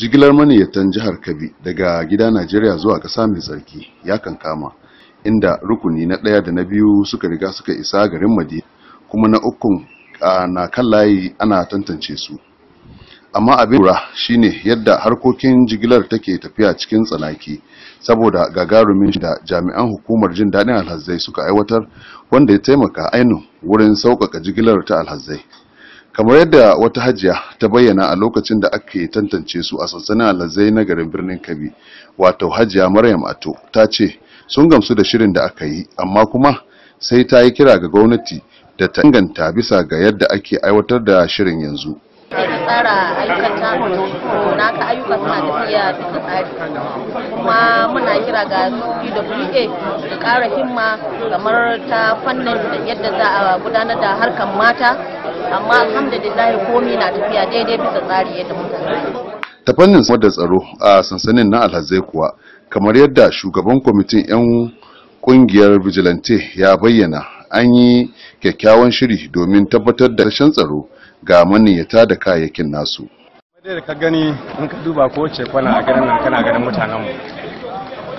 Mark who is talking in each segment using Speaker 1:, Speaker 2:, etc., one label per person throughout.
Speaker 1: jigilar maniyyatan jihar kabi daga gida najeriya zuwa ƙasa mai tsarki ya kankama inda rukuni na ɗaya da na biyu suka riga suka isa garin madina kuma na ukun na kan layi ana tantance su amma abin lura shine yadda harkokin jigilar take tafiya cikin tsanaki saboda gagarumin da jami'an hukumar jin daɗin alhazai suka aiwatar wanda ya taimaka ainihin wurin sauƙaƙa jigilar ta alhazai kamar yadda wata hajiya ta bayyana a lokacin da ake tantance su a sansanin alazai na garin birnin kabi wato hajiya maryam ato ta ce sun gamsu da shirin da aka yi amma kuma sai ta yi kira ga gwamnati da ta inganta bisa ga yadda ake aiwatar da shirin yanzu tsara aikata na kuma muna kira ga pwa da kara himma kamar ta fannin yadda za a gudanar da harkar
Speaker 2: mata amma alhamdulillah komai na tafiya daidai bisa tsari yadda muka
Speaker 1: ta fannin wadda tsaro a sansanin na alhazai kuwa kamar yadda shugaban kwamitin 'yan kungiyar vigilante ya bayyana an yi kyakkyawan shiri domin tabbatar da rashin tsaro ga maniyyata da kayayyakin nasu.
Speaker 2: Dai da ka gani in ka duba ko ce kwana a garin nan kana ganin mutanenmu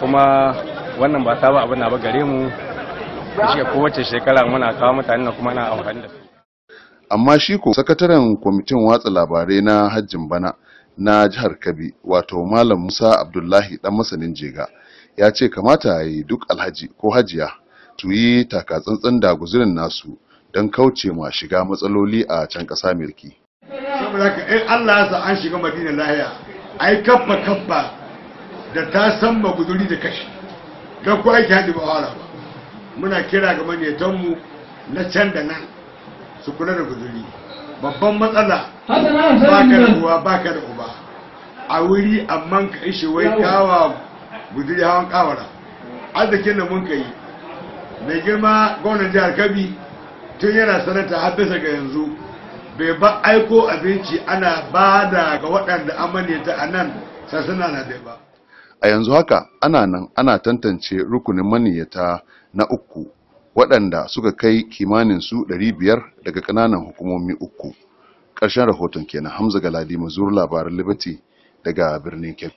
Speaker 2: kuma wannan ba sabon abin na ba gare mu shi shi kowace shekara muna kawo mutanen kuma na amfani da su.
Speaker 1: amma shi ko sakataren kwamitin watsa labarai na hajjin bana na jihar kabi wato malam musa abdullahi dan masanin jega ya ce kamata ya yi duk alhaji ko hajiya su yi takatsantsan da guzurin nasu don kauce ma shiga matsaloli a can ƙasa mirki.
Speaker 2: saboda ka in allah ya an shiga madina lahiya a yi kabba kabba da ta san ma da kashi don ko aiki ba ba muna kira ga manyatanmu na can da nan su kula da guzuri babban matsala ba ka da uwa ba ka da uba a wuri amma ka ishe wai kawa guzuri hawan kawara arzikin da mun yi mai girma gwamnan jihar kabi tun yana sanata har bisa ga yanzu bai ba aiko abinci ana ba da ga waɗanda ta a nan sassana na dai ba
Speaker 1: a yanzu haka ana nan ana tantance rukunin maniyyata na uku waɗanda suka kai kimanin su 500 daga ƙananan hukumomi uku ƙarshen rahoton kenan hamza galadi mazuru labaran liberty daga birnin kebbi